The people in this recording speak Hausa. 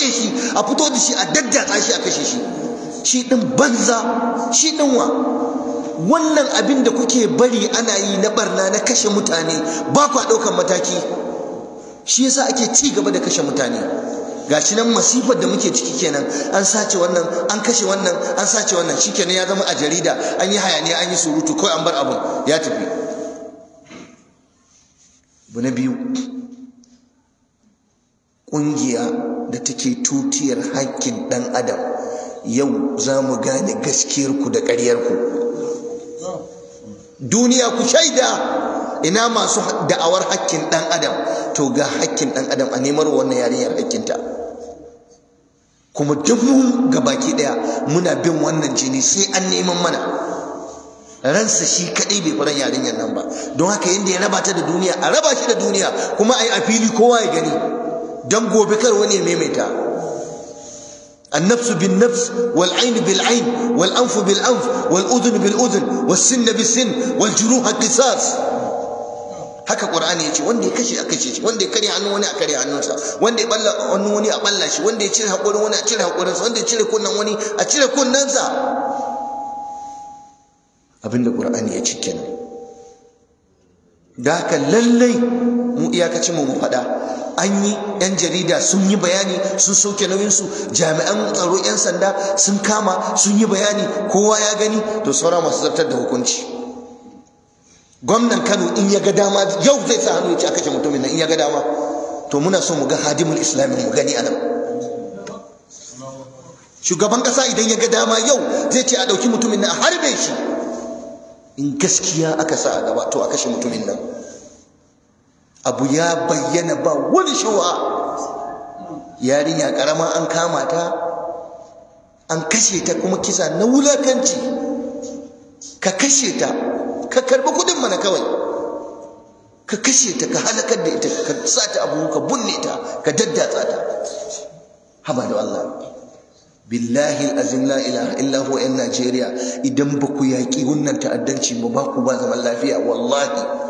kashe shi a fito da shi a daddatsa shi a kashe shi shi ɗin banza shi ɗin wa wannan abin da kuke bari ana yi na barna na kashe mutane ba a daukan mataki shi yasa ake ci gaba da kashe mutane gashi nan masifar da muke ciki kenan an sace wannan an kashe wannan an sace wannan shikenan ya zama a jarida an yi hayaniya an yi surutu kawai an bar abin ya tafi bu na biyu ƙungiya da take tutiyar haƙƙin ɗan adam yau za mu gane gaskiyarku da ƙaryarku duniya ku shaida ina masu da'awar haƙƙin ɗan adam to ga haƙƙin ɗan adam a nemar wannan yarinyar haƙƙinta kuma duk mu ga baki ɗaya muna bin wannan jini sai an neman mana ransa shi kaɗai bai faran yarinyar nan ba don haka yadda ya raba ta da duniya a raba shi da duniya kuma a yi a fili kowa ya gani don gobe kar wani ya maimaita النفس بالنفس والعين bil والأنف بالأنف والأذن بالأذن والسن بالسن والجروح قصاص haka qur'ani yace wanda ya kashe a kashe shi wanda ya kare hannun wani a kare sa, wanda ya balla hannun wani a balla shi wanda ya cire hakorin wani a cire sa, wanda ya cire kunnan wani a cire kunnan sa. abinda qur'ani ya ce kenan da ka lallai mu iyakacin mu faɗa an yi yan jarida sun yi bayani sun soke nauyinsu jami'an tsaro yan sanda sun kama sun yi bayani kowa ya gani to saura masu zartar da hukunci gwamnan kano in ya ga dama yau zai sa hannu ya ci a kashe mutumin nan in ya ga dama to muna so mu ga hadimul islami mu gani a nan shugaban kasa idan ya ga dama yau zai ce a ɗauki mutumin nan a harbe shi in gaskiya aka sa a gaba to a kashe mutumin nan abu ya bayyana ba wani shuwa yarinya karama an kama ta an kashe ta kuma kisa na wulakanci ka kashe ta ka karbi kudin mana kawai ka kashe ta ka halakar da ita ka sa ta abu ka bunne ta ka daddatsa ta haba da Allah billahi azim la ilaha illa huwa yan najeriya idan ba ku yaƙi wannan ta'addanci ba ba ku ba zaman lafiya wallahi